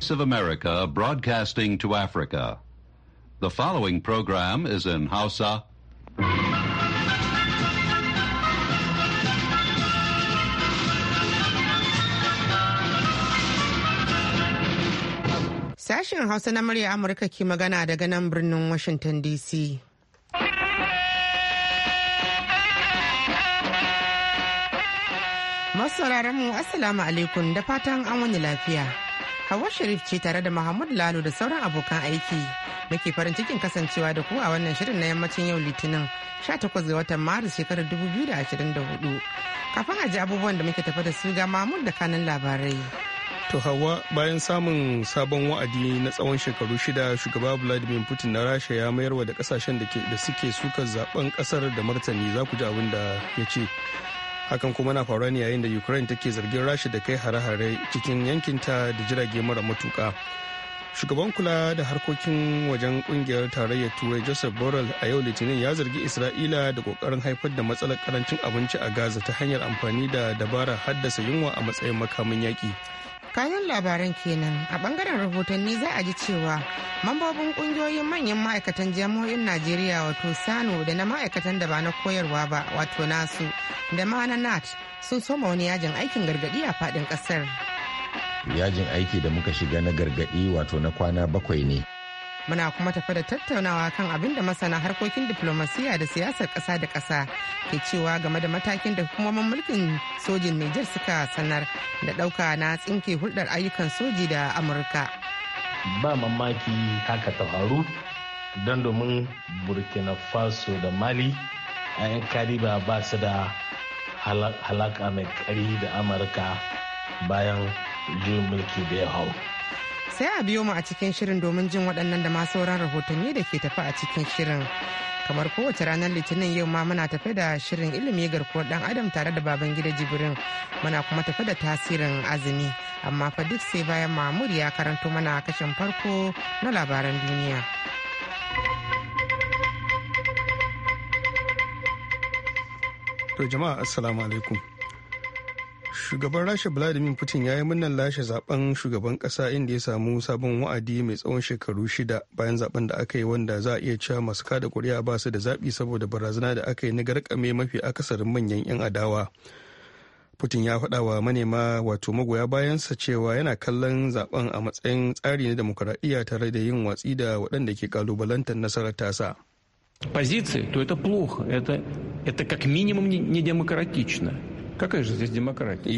Voice of America broadcasting to Africa. The following program is in Hausa. Sashen Hausa na murya Amurka ke magana daga nan birnin Washington DC. Masu mu Assalamu alaikum da fatan an wani lafiya. Hawa Sharif ce tare da Mahmud Lalo da sauran abokan aiki. Muke farin cikin kasancewa da ku a wannan shirin na yammacin yau Litinin 18 ga watan Maris shekarar 2024. Kafin a ji abubuwan da muke tafa da su ga Mahmud da kanin labarai. To Hawa bayan samun sabon wa'adi na tsawon shekaru shida shugaba Vladimir Putin na Rasha ya mayarwa da kasashen da suke sukar zaben kasar da martani za ku ji abin da ya ce. hakan kuma na faruwa ne yayin da ukraine take zargin rasha da kai hare-hare cikin yankinta da jirage mara matuka shugaban kula da harkokin wajen kungiyar tarayyar turai joseph borrell a yau litinin ya zargi isra'ila da kokarin haifar da matsalar karancin abinci a gaza ta hanyar amfani da dabarar haddasa yunwa a matsayin makamin yaki. kayan labaran kenan a bangaren rahotanni za a ji cewa mambobin kungiyoyin manyan ma'aikatan jami'o'in najeriya wato sano da na ma'aikatan da ba na koyarwa ba wato nasu da ma na nat sun soma wani yajin aikin gargadi a faɗin ƙasar. yajin aiki da muka shiga na gargadi wato na kwana bakwai ne muna kuma tafi da tattaunawa kan abin da masana harkokin diplomasiya da siyasar ƙasa da ƙasa ke cewa game da matakin da hukumomin mulkin sojin Nijar suka sanar da ɗauka na tsinke hulɗar ayyukan soji da Amurka. Ba mamaki haka ta faru don domin Burkina Faso da Mali a 'yan kariba ba su da halaka mai kari da Amurka bayan juyin mulki da ya hau. sai a biyo mu a cikin shirin domin jin waɗannan da masu sauran rahotanni da ke tafi a cikin shirin. Kamar kowace ranar Litinin yau ma muna tafe da shirin ilimi garkuwar ɗan adam tare da baban gida Jibrin muna kuma tafe da tasirin azumi amma fa duk sai bayan mamuri ya karanto mana kashin farko na labaran duniya. To jama'a assalamu alaikum. shugaban rasha vladimir putin ya yi murnar lashe zaben shugaban kasa inda ya samu sabon wa'adi mai tsawon shekaru shida bayan zaben da aka yi wanda za a iya cewa masu kada kuri'a ba su da zaɓi saboda barazana da aka yi na garkame mafi akasarin manyan 'yan adawa putin ya faɗa wa manema wato magoya bayansa cewa yana kallon zaben a matsayin tsari na demokuraɗiyya tare da yin watsi da waɗanda ke kalubalantar nasarar tasa. позиции, то это плохо, это, это как минимум не демократично. kakan shi zai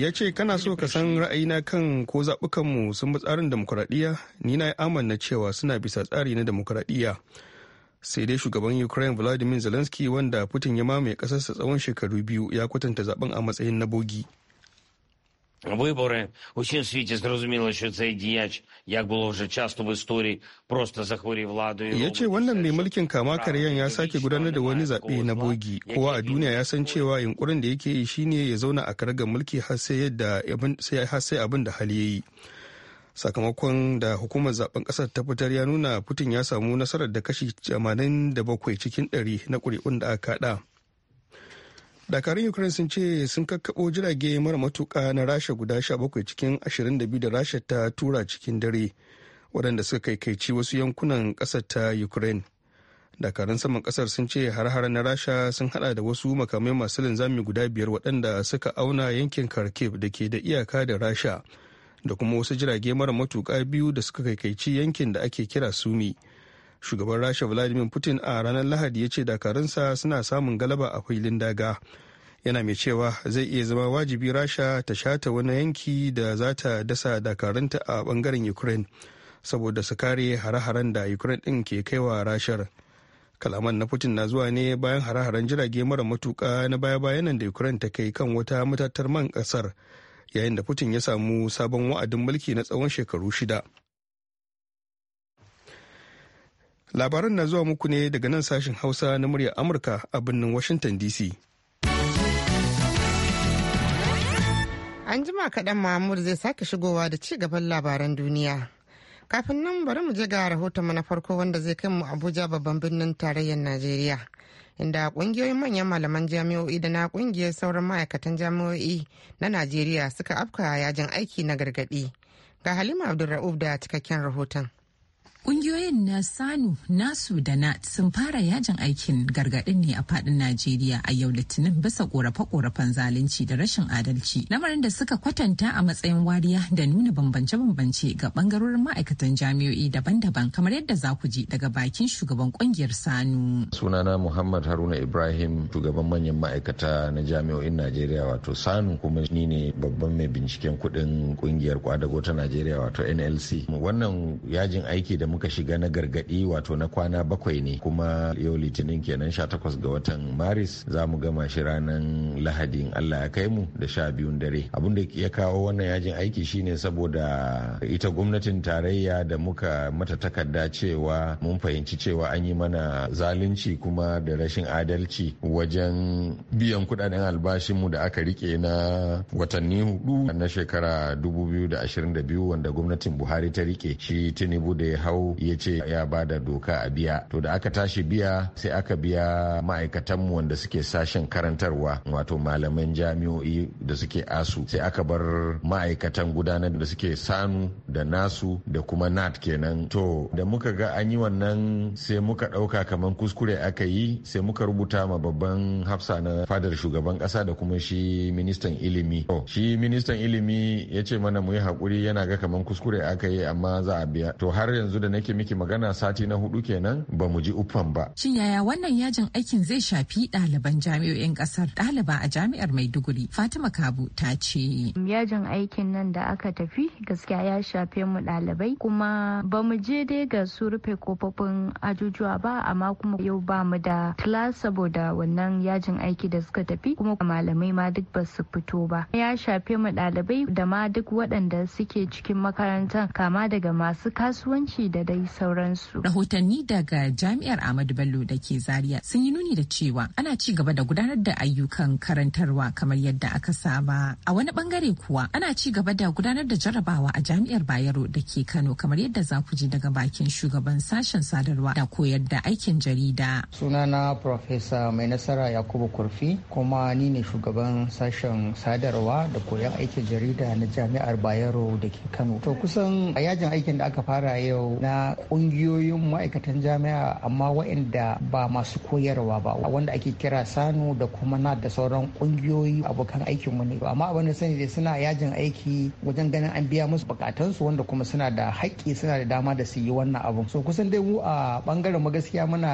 ya ce kana so ka san ra'ayina kan ko zaɓukanmu sun bi tsarin demokuraɗiyya ni na yi amanna cewa suna bisa tsari na demokuraɗiyya sai dai shugaban ukraine vladimir zelensky wanda putin ya mamaye ƙasarsa tsawon shekaru biyu ya kwatanta zaɓen a matsayin na bogi Вибори у всім світі зрозуміло, що цей діяч, як було вже часто в історії, просто захворів владою. Я чи вона не mulkin кама кар'ян я sake гудане da вони zaɓe na bogi. Kowa a дуня я san cewa yunkurin da yake yi shine ya zauna a karagar mulki har sai abin da hali ya yi. Sakamakon da hukumar zaben kasar ta fitar ya nuna Putin ya samu nasarar da kashi 87 cikin 100 na ƙuri'un da aka kaɗa. dakarun ukraine sun ce sun kakkaɓo jirage mara matuka na rasha guda bakwai cikin 22 da rasha ta tura cikin dare waɗanda suka kaikaici wasu yankunan ƙasar ta ukraine dakarun saman ƙasar sun ce har-har na rasha sun hada da wasu makamai masu linzami guda biyar waɗanda suka auna yankin kharkiv da ke da iyaka da rasha da kuma wasu jirage mara matuka biyu da suka kaikaici yankin da ake kira sumi. shugaban rasha vladimir putin a ranar lahadi ya ce dakarunsa suna samun galaba a filin daga yana mai cewa zai iya zama wajibi rasha ta shata wani yanki da za ta dasa dakarunta a bangaren ukraine saboda su kare hare-haren da ukraine din ke kaiwa rashar kalaman na putin na zuwa ne bayan hare-haren jirage mara matuka na baya-bayan da ukraine ta kai kan wata matatar man kasar yayin da putin ya samu sabon wa'adin mulki na tsawon shekaru shida labaran na zuwa muku ne daga nan sashen hausa na muryar amurka a birnin washington dc an jima kaɗan mahmud zai sake shigowa da ci gaban labaran duniya kafin nan bari mu je ga rahoton na farko wanda zai kai mu abuja babban birnin tarayyar najeriya inda kungiyoyin manyan malaman jami'o'i da na kungiyar sauran ma'aikatan jami'o'i na najeriya suka afka yajin aiki na gargadi ga halima abdulra'uf da cikakken rahoton Ƙungiyoyin na Sanu, Nasu da Nat sun fara yajin aikin gargaɗin ne a faɗin Najeriya a yau Litinin bisa ƙorafe-ƙorafen zalunci da rashin adalci. Lamarin da suka kwatanta a matsayin wariya da nuna bambance-bambance ga bangarorin ma'aikatan jami'o'i daban-daban kamar yadda za ku ji daga bakin shugaban ƙungiyar Sanu. Sunana Muhammad Haruna Ibrahim, shugaban manyan ma'aikata na jami'o'in Najeriya wato Sanu kuma ni ne babban mai binciken kuɗin ƙungiyar kwadago ta Najeriya wato NLC. Wannan yajin aiki da muka shiga na gargadi wato na kwana bakwai ne kuma yau litinin kenan 18 ga watan maris za mu gama shi ranar lahadi allah ya kai mu da sha biyun dare abin da ya kawo wannan yajin aiki shine saboda ita gwamnatin tarayya da muka mata takarda cewa mun fahimci cewa an yi mana zalunci kuma da rashin adalci wajen biyan kudaden albashinmu da aka rike na watanni hudu na shekara 2022 wanda gwamnatin buhari ta rike shi tinubu da ya hau ya ce ya ba da doka a biya to da aka tashi biya sai aka biya ma'aikatanmu wanda suke sashen karantarwa wato malaman jami'o'i da suke asu sai aka bar ma'aikatan gudanar da suke sanu da nasu da kuma nat kenan to da muka ga an yi wannan sai muka ɗauka kamar kuskure aka yi sai muka rubuta ma babban hafsa na fadar shugaban ƙasa da kuma shi ministan ilimi to shi ministan ilimi ya ce mana mu yi haƙuri yana ga kamar kuskure aka yi amma za a biya to har yanzu da nake miki magana sati na hudu kenan ba mu ji uffan ba. Shin yaya wannan yajin aikin zai shafi ɗaliban jami'o'in ƙasar? Ɗaliba a jami'ar Maiduguri Fatima Kabu ta ce. Yajin aikin nan da aka tafi gaskiya ya shafe mu ɗalibai kuma ba mu je dai ga su rufe kofofin ajujuwa ba amma kuma yau ba mu da class saboda wannan yajin aiki da suka tafi kuma malamai ma duk ba su fito ba. Ya shafe mu ɗalibai da ma duk waɗanda suke cikin makarantar kama daga masu kasuwanci da dai sauransu. Rahotanni daga Jami'ar Ahmadu Bello da ke Zaria sun yi nuni da cewa ana ci gaba da gudanar da ayyukan karantarwa kamar yadda aka saba. A wani bangare kuwa ana ci gaba da gudanar da jarrabawa a Jami'ar Bayero da ke Kano kamar yadda za ku ji daga bakin shugaban sashen sadarwa da koyar da aikin jarida. Sunana Profesa Mai Nasara Yakubu Kurfi kuma ni ne shugaban sashen sadarwa da koyon aikin jarida na Jami'ar Bayero da ke Kano. To kusan a yajin aikin da aka fara yau na na kungiyoyin ma'aikatan jami'a amma waɗanda ba masu koyarwa ba wanda ake kira sanu da kuma na da sauran kungiyoyi abokan aikin wani ne ba amma abin da sani dai suna yajin aiki wajen ganin an biya musu bukatunsu wanda kuma suna da haƙƙi suna da dama da su yi wannan abun so kusan dai mu a bangaren mu gaskiya muna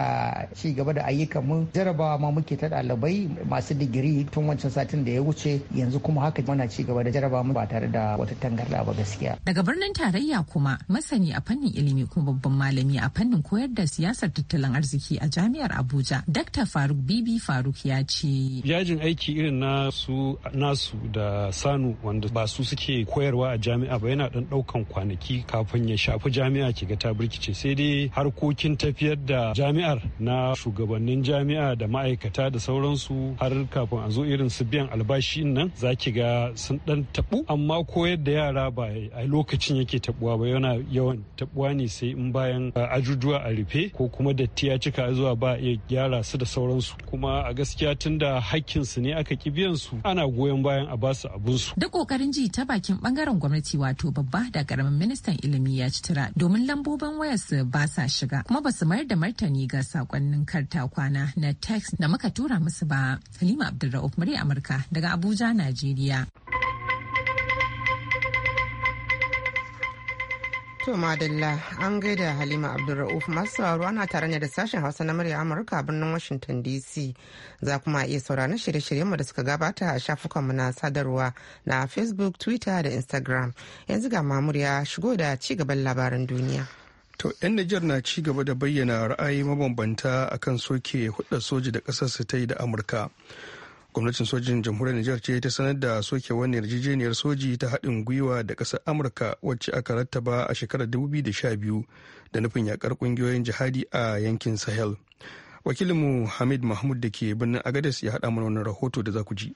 ci gaba da ayyukan mu jarabawa ma muke ta ɗalibai masu digiri tun wancan satin da ya wuce yanzu kuma haka muna ci gaba da jarabawa mu ba tare da wata tangarda ba gaskiya daga birnin tarayya kuma masani a fannin ilimi malami kuma babban malami a fannin koyar da siyasar tattalin arziki a jami'ar Abuja. Dr. Faruk Bibi Faruk ya ce. Yajin aiki irin nasu nasu da Sanu wanda ba su suke koyarwa a jami'a ba yana dan daukan kwanaki kafin ya shafi jami'a kiga ta birkice sai dai harkokin tafiyar da jami'ar na shugabannin jami'a da ma'aikata da sauransu har kafin a zo irin su biyan albashi nan za ki ga sun dan tabu amma koyar da yara ba a lokacin yake tabuwa ba yana yawan tabuwa ne sai in bayan uh, ajujuwa a rufe ko kuma datti ya cika zuwa ba iya gyara su da sauransu kuma a gaskiya tunda hakkin su ne aka ki biyan su ana goyon bayan a basu abun su duk kokarin ji ta bakin bangaren gwamnati wato babba da karamin ministan ilimi ya ci tura domin lambobin wayarsu su ba sa shiga kuma ba su mayar da martani ga sakonnin karta kwana na text da muka tura musu ba halima abdulra'uf murya amurka daga abuja najeriya To madalla an gaida Halima Abdulra'uf masu sauraro ana tare ne da sashen Hausa na murya Amurka a birnin Washington DC. Za kuma iya sauraron shirye-shiryenmu da suka gabata a shafukanmu na sadarwa na Facebook, Twitter da Instagram. Yanzu ga mamurya shigo da ci gaban labaran duniya. To 'yan Nijar na ci gaba da bayyana ra'ayi mabambanta akan soke hudda soji da su ta yi da Amurka. gwamnatin sojin jamhuriyar nijar ce ta sanar da soke wani yarjejeniyar soji ta haɗin gwiwa da ƙasar amurka wacce aka rattaba a shekarar 2012 da nufin yakar ƙungiyoyin jihadi a yankin sahel wakilinmu hamid mahmud da ke birnin agadez ya haɗa mana wannan rahoto da za ku ji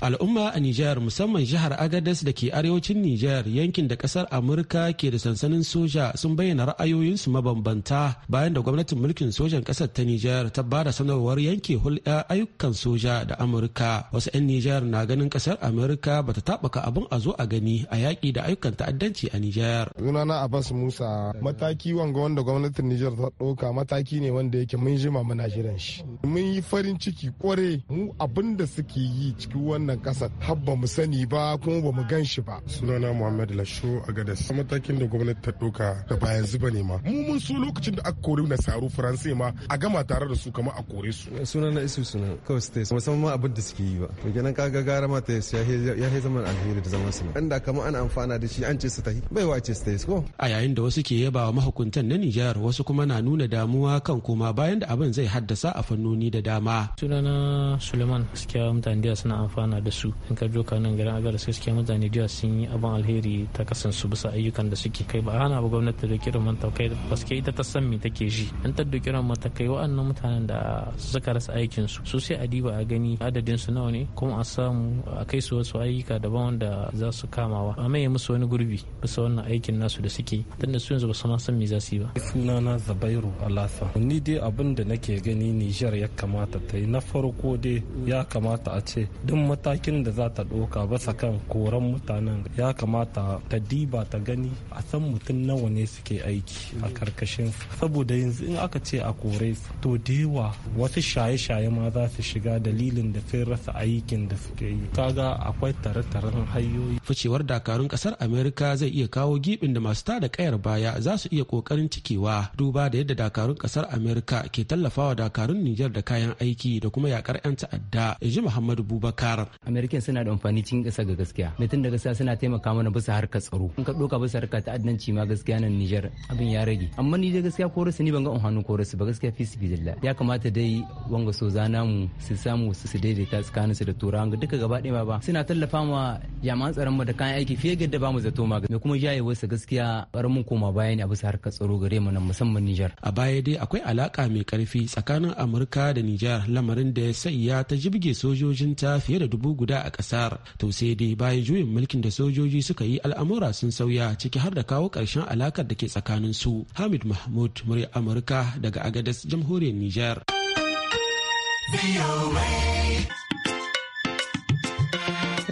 Al'umma a Nijar musamman jihar Agadez da ke arewacin Nijar yankin da kasar Amurka ke da sansanin soja sun bayyana ra'ayoyinsu mabambanta bayan da gwamnatin mulkin sojan kasar ta Nijar ta bada sanarwar yanke hulɗa ayyukan soja da Amurka. Wasu 'yan Nijar na ganin kasar Amurka bata taɓaka abun a zo a gani a yaƙi da ayyukan ta'addanci a Nijar. Sunana Abbas Musa mataki wanga wanda gwamnatin Nijar ta ɗauka mataki ne wanda yake mun jima muna shirin shi. Mun yi farin ciki kware mu abin da suke yi cikin wannan kasar har ba mu sani ba kuma ba mu gan shi ba sunana muhammad lasho a gadas matakin da gwamnati ta doka da bayan zuba ne ma mu mun so lokacin da aka kore nasaru faransai ma a gama tare da su kamar a kore su sunana isu sunan kawai su taisa musamman abin da suke yi ba to ganin kaga gara ma taisa ya yi zaman alheri da zaman suna inda kamar ana amfana da shi an ce su tahi bai wace su taisa ko a yayin da wasu ke yaba wa mahukuntan na Nijar wasu kuma na nuna damuwa kan koma bayan da abin zai haddasa a fannoni da dama sunana Suleiman gaskiya mutane da suna amfana magana da su in ka ka nan garin agadas gaskiya mutane da sun yi abin alheri ta kasansu bisa ayyukan da suke kai ba a hana ba gwamnati da kiran manta kai baske ita ta san me take ji an ta da kiran manta kai wa'annan mutanen da suka rasa aikin su su sai a diba a gani adadin su nawa ne kuma a samu a kai su wasu ayyuka daban wanda za su kamawa a mai musu wani gurbi bisa wannan aikin nasu da suke tunda su yanzu ba su ma san me za su yi ba sunana zabairu alasa ni dai abin da nake gani Nijar ya kamata ta yi na farko dai ya kamata a ce duk matakin da za ta ɗauka basa kan koran mutanen ya kamata ta diba ta gani a san mutum nawa ne suke aiki a karkashin saboda yanzu in aka ce a kore su to dewa wasu shaye-shaye ma za su shiga dalilin da sun rasa aikin da suke yi kaga akwai tare-taren hanyoyi ficewar dakarun kasar amerika zai iya kawo gibin da masu tada kayar baya za su iya kokarin cikewa duba da yadda dakarun kasar amerika ke tallafawa dakarun nijar da kayan aiki da kuma yakar 'yan ta'adda ya ji muhammadu bubakar american suna da amfani cikin kasa ga gaskiya tun da gaskiya suna taimaka mana bisa harkar tsaro in ka doka bisa harkar ta'addanci ma gaskiya nan nijar abin ya rage amma ni dai gaskiya ko rasu ni ban ga in hannu ko rasu ba gaskiya fi su ya kamata dai wanga so zana mu su samu su su daidaita tsakaninsu da turawan duka gaba ɗaya ba suna tallafa ma jami'an tsaron mu da kayan aiki fiye da ba mu zato ma me kuma jaye wasu gaskiya mun koma baya ne a bisa harkar tsaro gare mu nan musamman Nijar. A baya dai akwai alaka mai karfi tsakanin Amurka da Nijar lamarin da ya sanya ta jibge sojojinta fiye da dubu dubu guda a kasar to sai dai bayan juyin mulkin da sojoji suka yi al'amura sun sauya ciki har da kawo ƙarshen alakar da ke tsakanin su hamid mahmud murya amurka daga agadas jamhuriyar Nijar.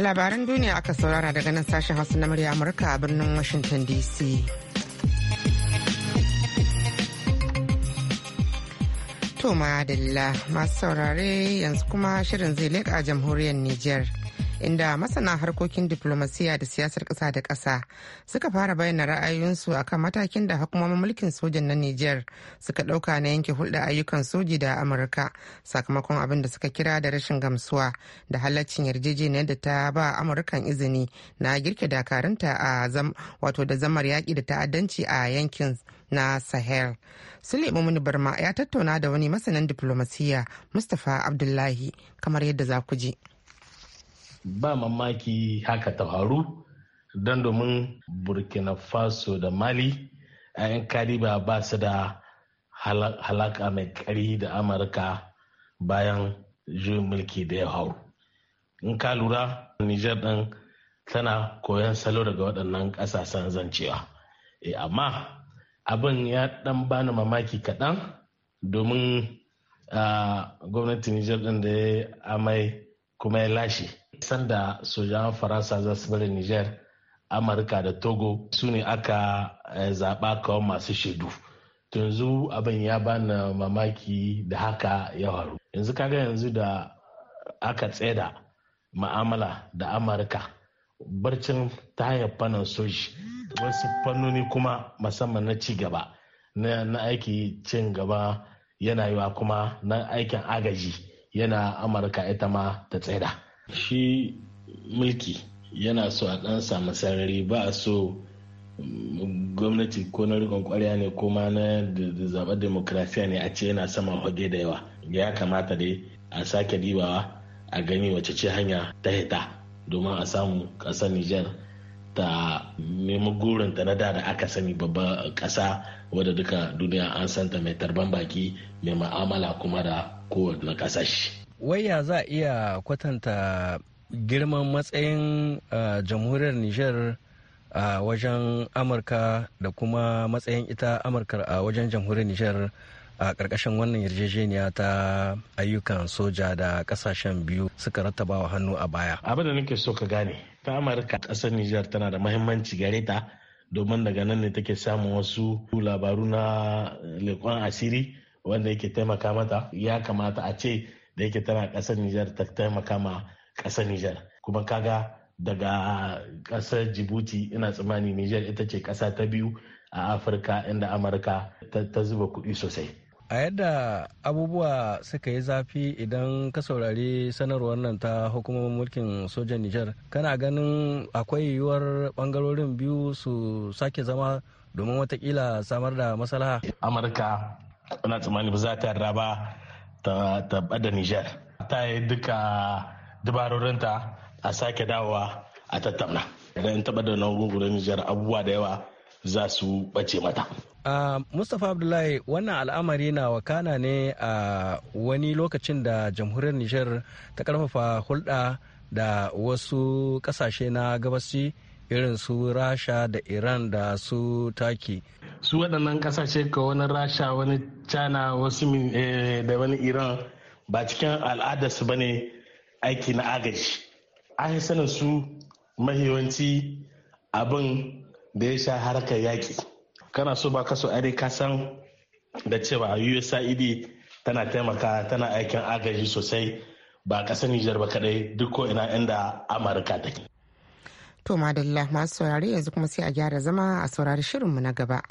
labaran duniya aka saurara daga nan sashen hausa na murya amurka a birnin washington dc To madalla masu saurare yanzu kuma shirin zai leƙa jamhuriyar Nijar. Inda masana harkokin diplomasiya da siyasar ƙasa da ƙasa suka fara bayyana ra'ayoyinsu akan matakin da hukumomin mulkin sojan na Nijar suka ɗauka na yanke hulɗa ayyukan soji da Amurka sakamakon abin da suka kira da rashin gamsuwa da halaccin yarjejeniyar da ta ba Amurkan izini na girke dakarunta a wato da zamar yaƙi da ta'addanci a yankin na sahel Sule mini barma ya tattauna da wani masanin diplomasiya mustapha abdullahi kamar yadda za ku ji ba mamaki haka ta faru don domin burkina faso da mali a 'yan kariba ba su da halaka mai kari da amurka bayan juyin mulki da ya hau in ka lura nijar ɗin tana koyon salo daga waɗannan ƙasashen zancewa eh, amma abin ya dan bani mamaki kaɗan domin gwamnatin nijar ɗin da ya amai kuma ya lashe sanda sojan faransa za su bari nijar amurka da togo su ne aka e, zaɓa kawo masu shaidu yanzu abin ya bani mamaki da haka ya faru yanzu kaga yanzu da aka tseda ma'amala da amurka barcin ta hanyar fannin soji wasu fannoni kuma musamman na ci gaba na aiki cin gaba yana yiwa kuma na aikin agaji yana amurka ita ma ta tsaida shi mulki yana so a ɗan samu sarari ba a so gwamnati ko na rikon kwarya ne ko na zaɓar demokrasiya ne a ce yana saman hoge da yawa ya kamata dai a sake dibawa a gani wacce ce hanya ta hita domin a samu ƙasar Nijar ta nemi ta na da da aka sani babban ƙasa wadda duka duniya an santa mai tarban baki mai ma'amala kuma da kowane kasashe. Waya za a iya kwatanta girman matsayin jamhuriyar Nijar a wajen Amurka da kuma matsayin ita Amurka a wajen jamhuriyar Nijar a ƙarƙashin wannan yarjejeniya ta ayyukan soja da ƙasashen biyu suka rattaba wa hannu a baya. Abin da nake so ka gane, ta Amurka ƙasar Nijar tana da mahimmanci gare ta domin daga nan ne take samun wasu labaru na leƙon asiri wanda yake taimaka mata ya kamata a ce da yake tana ƙasar Nijar ta taimaka ma ƙasar Nijar. Kuma kaga daga ƙasar Djibouti ina tsammani Nijar ita ce ƙasa ta biyu a Afirka inda Amurka ta zuba kuɗi sosai. a yadda abubuwa suka yi zafi idan ka saurari sanarwar nan ta hukumar mulkin sojan nijar kana ganin akwai yiwuwar bangarorin biyu su sake zama domin watakila samar da maslaha amurka ana tsammani ba za ta yarda ba ta bada nijar ta yi duka dubarorinta a sake dawowa a tattauna idan ta bada nan gungunan nijar abubuwa da yawa za su bace mata Ah, Mustapha Abdullahi wannan al'amari na wakana ne a wani lokacin da jamhuriyar Nijar ta karfafa hulɗa da wasu ƙasashe na gabasi irin su Rasha da Iran da su Taki. Su waɗannan ƙasashe ka wani Rasha wani China wasu eh, da wani Iran ba cikin al'adarsu ba ne aiki na agaji. An sanin su mahiwanci abin da ya sha harkar yaƙi. kana so ba ka so are ka san da cewa USAID tana taimaka tana aikin agaji sosai ba kasar Nijar ba kadai duk ko ina inda Amurka take. To madalla masu saurare yanzu kuma sai a gyara zama a saurari shirinmu na gaba.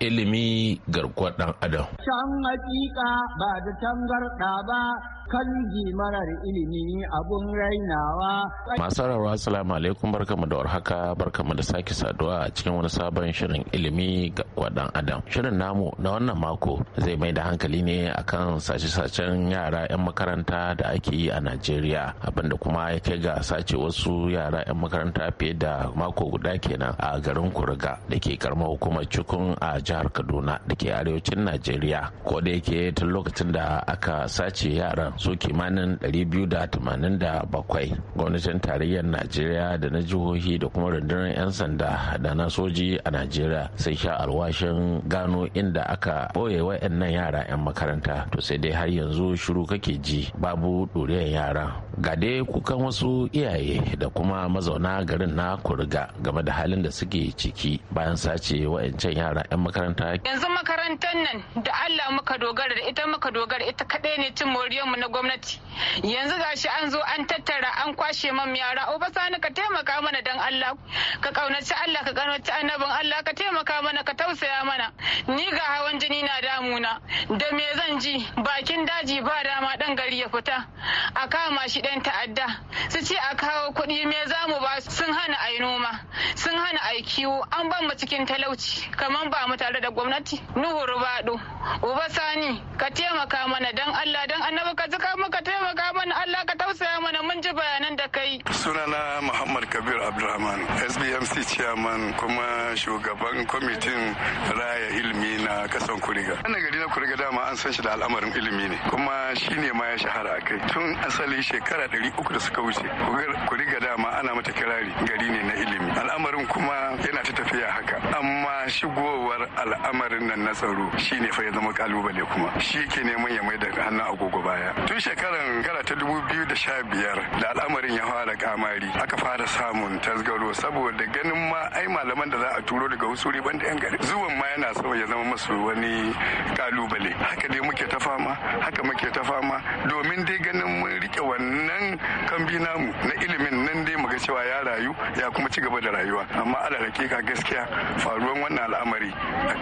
Ilimi garkuwar ɗan adam. Shan hakika ba da tangarɗa ba kanji marar ilimi abun rainawa. Masu rarwa salamu alaikum barkamu da warhaka barkamu da sake saduwa a cikin wani sabon shirin ilimi ga kwadan adam. Shirin namu na wannan mako zai mai da hankali ne akan sace-sacen yara 'yan makaranta da ake yi a Najeriya abinda kuma ya kai ga sace wasu yara 'yan makaranta fiye da mako guda kenan a garin Kuriga da ke karamar hukumar cikin a jihar Kaduna da ke arewacin Najeriya. Ko da yake tun lokacin da aka sace yaran su kimanin 287 gwamnatin tarayyar najeriya da na jihohi da kuma rundunar 'yan sanda da na soji a najeriya sai sha alwashin gano inda aka ɓoye wa'annan yara 'yan makaranta to sai dai har yanzu shiru kake ji babu ɗuriyar yara ga dai kukan wasu iyaye da kuma mazauna garin na kuriga game da halin da suke ciki bayan sace wa'ancan yara 'yan makaranta yanzu makarantar nan da allah muka dogara da ita muka dogara ita kaɗai ne cin moriyarmu na gwamnati yanzu gashi an zo an tattara an kwashe man yara sani ka taimaka mana dan Allah ka kaunaci Allah ka kaunaci annabin Allah ka taimaka mana ka tausaya mana ni ga hawan jini na damuna da me zan ji bakin daji ba dama dan gari ya fita a kama shi dan ta'adda su ce a kawo kuɗi me za mu ba sun hana ai noma sun hana ai kiwo an ban mu cikin talauci kamar ba mu tare da gwamnati nuhu rubado uba sani ka taimaka mana dan Allah dan annabi ka zuka maka taimaka taimaka mana Allah ka tausaya mana mun ji bayanan da kai. sunana muhammad kabir abdulrahman sbmc chairman kuma shugaban kwamitin raya ilimi na kasan kuriga wannan gari na kuriga dama an san shi da al'amarin ilimi ne kuma shi ma ya shahara a kai tun asali shekara 300 da suka wuce kuriga dama ana mata kirari gari ne na ilimi al'amarin kuma yana ta tafiya haka amma shigowar al'amarin nan na tsaro shi ne fa ya zama kalubale kuma shi ke neman ya mai da hannun agogo baya tun shekaran kara ta dubu biyu da sha da al'amarin ya fara kamari aka fara samun tasgaro saboda ganin ma ai malaman da za a turo daga usuri banda yan gari zuwan ma yana so ya zama masu wani kalubale haka dai muke ta fama haka muke ta fama domin dai ganin mun rike wannan kambi namu na ilimin nan mu ga cewa ya rayu ya kuma ci gaba da rayuwa amma ala hakika gaskiya faruwan wannan al'amari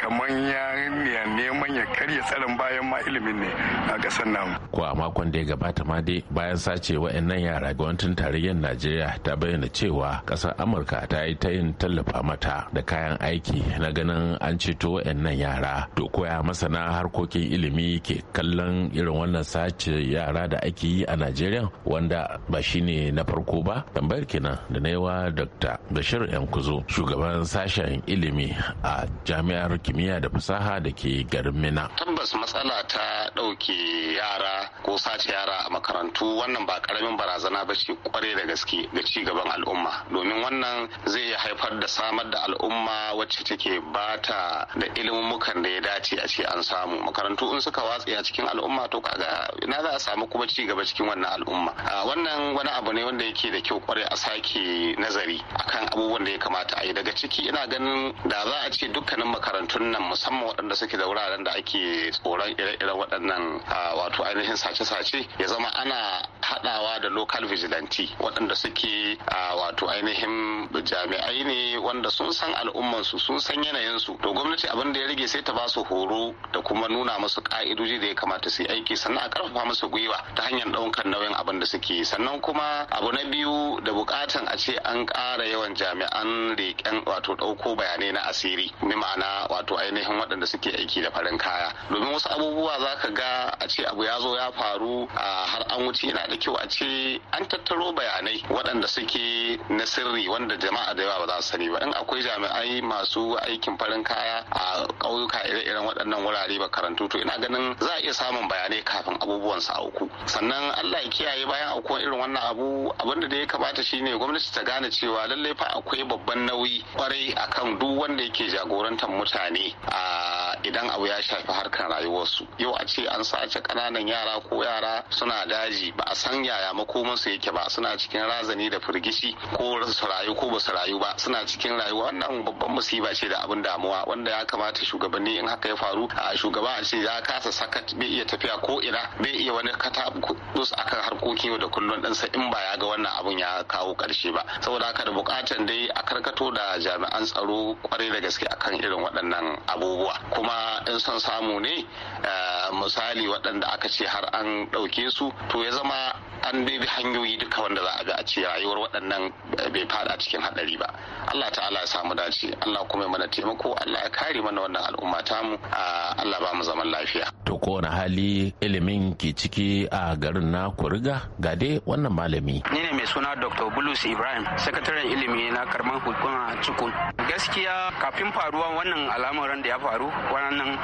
kaman ya neman ya karya tsarin bayan ma ilimin ne a kasar namu. ko a makon da ya gabata ma dai bayan sace wa'annan yara gwamnatin tarayyar najeriya ta bayyana cewa kasar amurka ta yi ta yin tallafa mata da kayan aiki na ganin an ceto wa'annan yara to koya masana harkokin ilimi ke kallon irin wannan sace yara da ake yi a najeriya wanda ba shine na farko ba tambayar kenan da naiwa dr bashir yankuzo shugaban sashen ilimi a jami'ar kimiyya da fasaha da ke garin mina tabbas matsala ta ɗauke yara ko sace yara a makarantu wannan ba karamin barazana ba ce kware da gaske ga cigaban al'umma domin wannan zai haifar da samar da al'umma wacce take bata da ilimin da ya dace a ce an samu makarantu in suka watse a cikin al'umma to kaga ina za a samu kuma ci gaba cikin wannan al'umma wannan wani abu ne wanda yake da kyau kware a sake nazari akan abubuwan da ya kamata a yi daga ciki ina ganin da za a ce dukkanin makarantun nan musamman waɗanda suke da wuraren da ake tsoron ire-iren waɗannan wato ainihin sace-sace ya zama ana haɗawa da local vigilante waɗanda suke wato ainihin jami'ai ne wanda sun san al'ummansu sun san yanayinsu to gwamnati abin da ya rage sai ta ba su horo da kuma nuna musu ka'idoji da ya kamata su yi aiki sannan a ƙarfafa musu gwiwa ta hanyar ɗaukar nauyin abin da suke sannan kuma abu na biyu da bukatan a ce an ƙara yawan jami'an leƙen wato ɗauko bayanai na asiri ni ma'ana wato ainihin waɗanda suke aiki da farin kaya domin wasu abubuwa za ka ga a ce abu ya zo ya faru a har an wuce yana da kyau a ce an tattaro bayanai waɗanda suke na sirri wanda jama'a da yawa ba za su sani ba in akwai jami'ai masu aikin farin kaya a ƙauyuka ire-iren waɗannan wurare ba karantu to ina ganin za a iya samun bayanai kafin abubuwan su auku sannan Allah ya kiyaye bayan aukuwan irin wannan abu abinda da ya kamata shi shine gwamnati ta gane cewa lallai fa akwai babban nauyi kwarai akan duk wanda yake jagorantar mutane a idan abu ya shafi harkar rayuwarsu yau a ce an sace kananan yara ko yara suna daji ba a san yaya makomansu yake ba suna cikin razani da firgici ko su rayu ko basu su rayu ba suna cikin rayuwa wannan babban musiba ce da abin damuwa wanda ya kamata shugabanni in haka ya faru a shugaba a ce ya kasa sakat bai iya tafiya ko ina bai iya wani kata akan harkokin yau da kullum ɗinsa in ba ya ga wannan abun ya kawo kawo karshe ba saboda haka da bukatan dai a karkato da jami'an tsaro kwarai da gaske akan irin waɗannan abubuwa kuma in son samu ne eh, misali waɗanda aka ce har an ɗauke su to ya zama an bi hanyoyi duka wanda za a ga a ce rayuwar waɗannan eh, bai fada cikin haɗari ba Allah ta'ala ya samu dace Allah kuma ya mana taimako Allah ya kare mana wannan al'umma tamu ah, Allah ba mu zaman lafiya to kowane hali ilimin ke ciki a garin na kuriga ga wannan malami ni ne mai suna dr bulus ibrahim sakataren ilimi na karman hukuma cikun gaskiya kafin faruwa wannan alamuran da ya faru wannan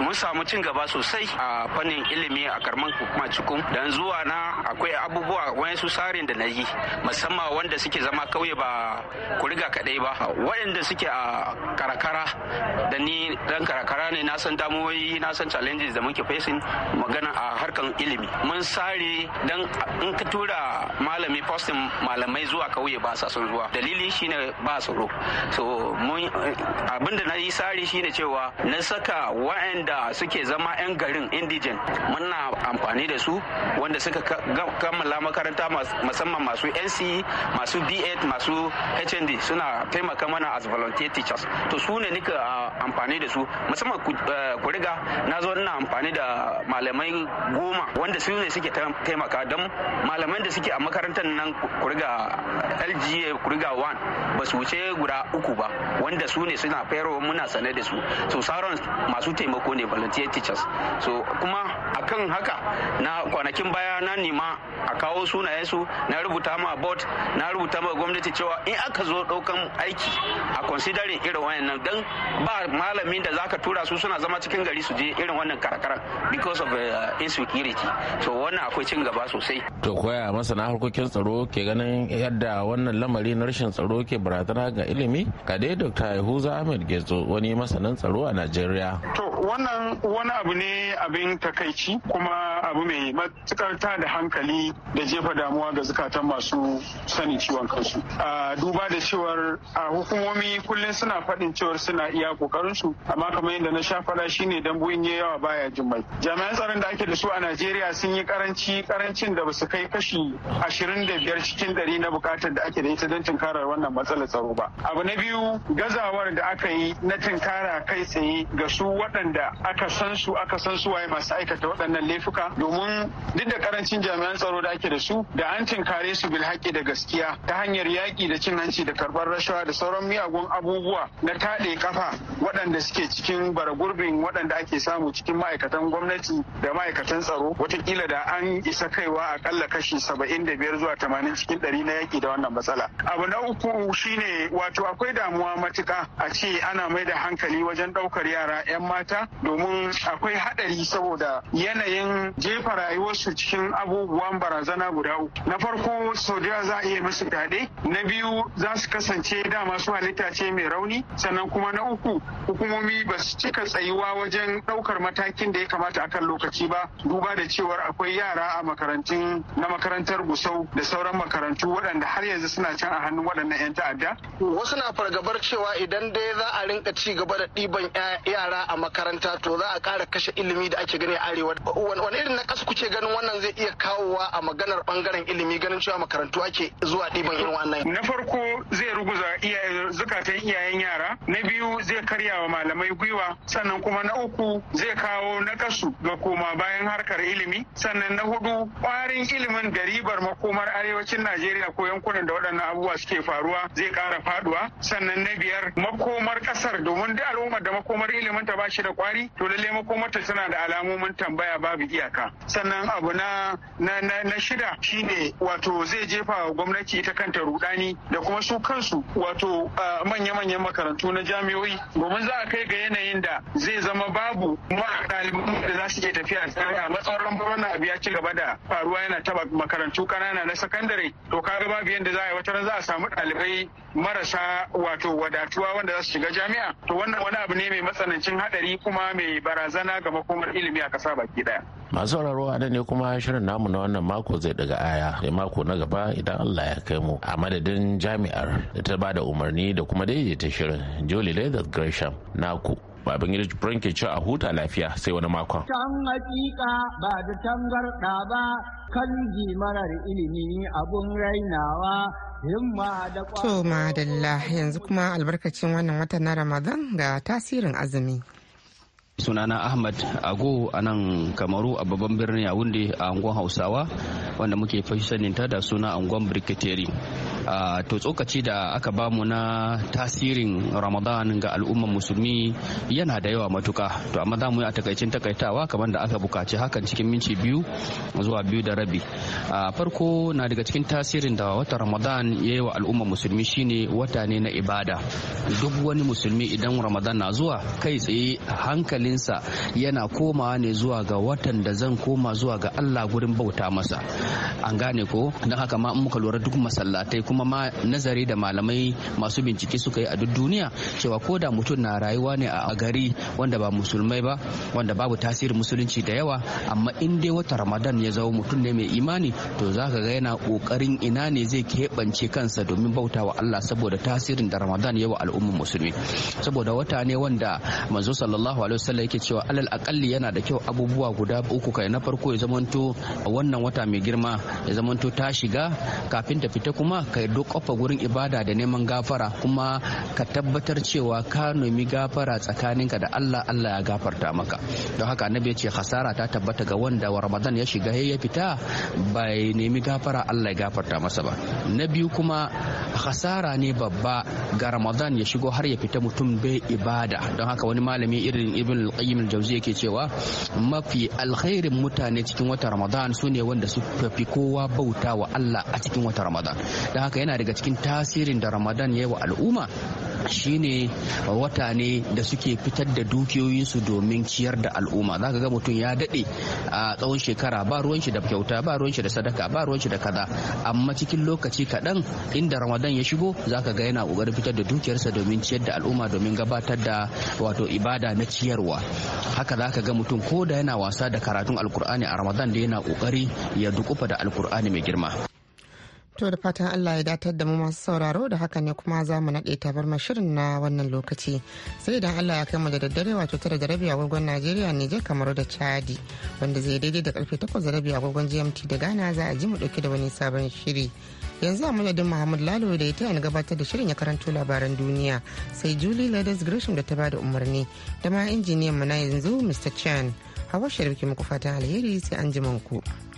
mun samu cin gaba sosai a fannin ilimi a karman hukuma cikun dan zuwa na akwai abubuwa wani su sarin da na yi musamman wanda suke zama kauye ba kuriga kadai ba waɗanda suke a karakara da ni dan karakara ne na san damuwoyi na san challenges da muke facing magana a harkan ilimi mun sare dan in ka tura malami postin malamai zuwa kauye ba sa son zuwa dalili shine ba tsaro so mun abinda na yi sare shine cewa na saka wa'anda suke zama yan garin indigen muna amfani da su wanda suka kammala makaranta musamman masu nce masu b8 masu hnd suna taimaka mana as volunteer teachers to su ne nika ah, amfani da su musamman kuriga eh, na zo ina amfani da malamai goma wanda su ne suke taimaka don malamai da suke a makarantar nan kuriga lga kuriga 1 ba su wuce guda uku ba wanda su ne suna fero muna sane da su so sauran masu taimako ne volunteer teachers so kuma akan haka na kwanakin baya na nima a kawo sunaye su na rubuta ma board na rubuta ma gwamnati cewa in aka zo ɗaukan aiki a considering irin wayannan don ba malamin da zaka tura su suna zama cikin gari su je irin wannan karkara because of uh, insecurity so wannan akwai cin gaba sosai to koya masana harkokin tsaro ke ganin yadda wannan lamari na rashin tsaro ke barazana ga ilimi ka dai dr yahuza ahmed gezo wani masanin tsaro a Nigeria. to wannan wani abu ne abin takaici kuma abu mai matukar da hankali da jefa damuwa ga zukatan masu sani ciwon kansu duba da cewar a hukumomi kullum suna faɗin cewar suna iya kokarin su amma kamar yadda na sha faɗa shine dambu in yawa baya ya mai. jami'an tsaron da ake da su a najeriya sun yi karanci karancin da basu kai kashi ashirin da biyar cikin dari na bukatar da ake da ita don tunkarar wannan matsalar tsaro ba abu na biyu gazawar da aka yi na tunkara kai tsaye ga su waɗanda aka san su aka san su waye masu aikata waɗannan laifuka domin duk da karancin jami'an tsaro da ake da su da an tunkare su bil haƙƙi da gaskiya ta hanyar yaƙi da cin hanci da karɓar rashawa da sauran miyagun abubuwa na taɗe kafa waɗanda suke cikin bara gurbin waɗanda ake samu cikin ma'aikatan gwamnati da ma'aikatan tsaro watakila da an isa kaiwa akalla kashi saba'in da biyar zuwa tamanin cikin ɗari na yaƙi da wannan matsala. Abu na uku shine wato akwai damuwa matuka a ce ana mai da hankali wajen ɗaukar yara 'yan mata domin akwai haɗari saboda yanayin jefa rayuwarsu cikin abubuwan barazana guda uku. Na farko sau za a iya musu fyaɗe, na biyu za su kasance dama su halitta ce mai rauni, sannan kuma na uku hukumomi ba su cika tsayuwa wajen ɗaukar mataki matakin da ya kamata akan lokaci ba duba da cewar akwai yara a makarantun na makarantar gusau da sauran makarantu waɗanda har yanzu suna can a hannun waɗannan 'yan ta'adda? Wasu na fargabar cewa idan dai za a rinka ci gaba da ɗiban yara a makaranta to za a ƙara kashe ilimi da ake gani a arewa. Wani irin na ƙasa kuke ganin wannan zai iya kawowa a maganar ɓangaren ilimi ganin cewa makarantu ake zuwa ɗiban irin wannan. Na farko zai ruguza iyaye zukatan iyayen yara, na biyu zai karya wa malamai gwiwa, sannan kuma na uku zai kawo na kasu ga koma bayan harkar ilimi sannan na hudu kwarin ilimin da ribar makomar arewacin najeriya ko yankunan da waɗannan abubuwa suke faruwa zai ƙara faduwa sannan na biyar makomar ƙasar domin duk al'ummar da makomar ilimin ta bashi da kwari to lalle ta tana da alamomin tambaya babu iyaka sannan abu na na na shida shine wato zai jefa wa gwamnati ita kanta rudani da kuma su kansu wato manya-manyan makarantu na jami'oi domin za a kai ga yanayin da zai zama babu ma'ana ɗaliban da za su ke tafiya a matsauran wannan abu ya ci gaba da faruwa yana taba makarantu ƙanana na sakandare to kaga babu yadda za a yi wata ran za a samu ɗalibai marasa wato wadatuwa wanda za su shiga jami'a to wannan wani abu ne mai matsanancin haɗari kuma mai barazana ga makomar ilimi a ƙasa baki ɗaya. masu sauraro a ne kuma shirin namu na wannan mako zai daga aya da mako na gaba idan Allah ya kai mu a madadin jami'ar da ta ba da umarni da kuma daidaita shirin Jolie Leather Gresham ku. abin gida jibrin ke cewa a huta lafiya sai wani makon. can hakika ba da tangarɗa ba kan marar ilimi abun rainawa To madalla yanzu kuma albarkacin wannan wata na Ramadan ga tasirin azumi. sunana ahmad ago a nan kamaru a babban birnin yawunde a angon hausawa wanda muke fashi saninta da suna angon briketeri Ah, to tsokaci da aka bamu na tasirin ramadan ga al'ummar musulmi yana da yawa matuka to amma za mu yi a takaicin takaitawa kamar da aka bukaci hakan cikin minci biyu zuwa biyu da rabi ah, farko na daga cikin tasirin da wata ramadan ya yi wa al'ummar musulmi shine wata ne na ibada duk wani musulmi idan ramadan na zuwa kai tsaye hankalinsa yana komawa ne zuwa ga watan da zan koma zuwa ga allah gurin bauta masa an gane ko don haka ma in muka lura duk masallatai kuma ma nazari da malamai masu bincike suka yi a duk duniya cewa ko da mutum na rayuwa ne a gari wanda ba musulmai ba wanda babu tasirin musulunci da yawa amma in dai wata ramadan ya zama mutum ne mai imani to za ka ga yana kokarin ina ne zai keɓance kansa domin bauta wa Allah saboda tasirin da ramadan ya wa al'ummar musulmi saboda wata ne wanda manzo sallallahu alaihi wasallam yake cewa alal akalli yana da kyau abubuwa guda uku kai na farko ya zamanto wannan wata mai girma ya zamanto ta shiga kafin ta fita kuma ka ka duk kofa wurin ibada da neman gafara kuma ka tabbatar cewa ka nemi gafara tsakaninka da Allah Allah ya gafarta maka don haka annabi ya ce hasara ta tabbata ga wanda wa Ramadan ya shiga ya fita bai nemi gafara Allah ya gafarta masa ba na biyu kuma hasara ne babba ga Ramadan ya shigo har ya fita mutum bai ibada don haka wani malami irin Ibn al-Qayyim al-Jawzi yake cewa mafi alkhairin mutane cikin wata Ramadan sune wanda su fi kowa bauta wa Allah a cikin wata Ramadan don haka yana daga cikin tasirin da ramadan ya yi wa al'umma shine wata ne da suke fitar da dukiyoyinsu domin ciyar da al'umma za ka ga mutum ya daɗe a tsawon shekara ba ruwan shi da kyauta ba ruwan shi da sadaka ba ruwan shi da kaza amma cikin lokaci kaɗan inda ramadan ya shigo za ka ga yana ƙoƙarin fitar da dukiyarsa domin ciyar da al'umma domin gabatar da wato ibada na ciyarwa haka za ka ga mutum ko da yana wasa da karatun alkur'ani a ramadan da yana ƙoƙari ya dukufa da alkur'ani mai girma To da fatan Allah ya datar da mu masu sauraro da haka ne kuma za mu naɗe tabarma shirin na wannan lokaci. Sai idan Allah ya kai mu da daddare wato tara da rabi agogon Najeriya Nijar kamar da Chadi wanda zai daidai da karfe takwas da rabi agogon GMT da Ghana za a ji mu ɗauki da wani sabon shiri. Yanzu a madadin Muhammad Lalo da ya taya ni gabatar da shirin ya karanto labaran duniya sai Julie Ladies Gresham da ta bada umarni da ma injiniyan mu na yanzu Mr. Chan. Hawa shirin ki muku fatan alheri sai an ji ku.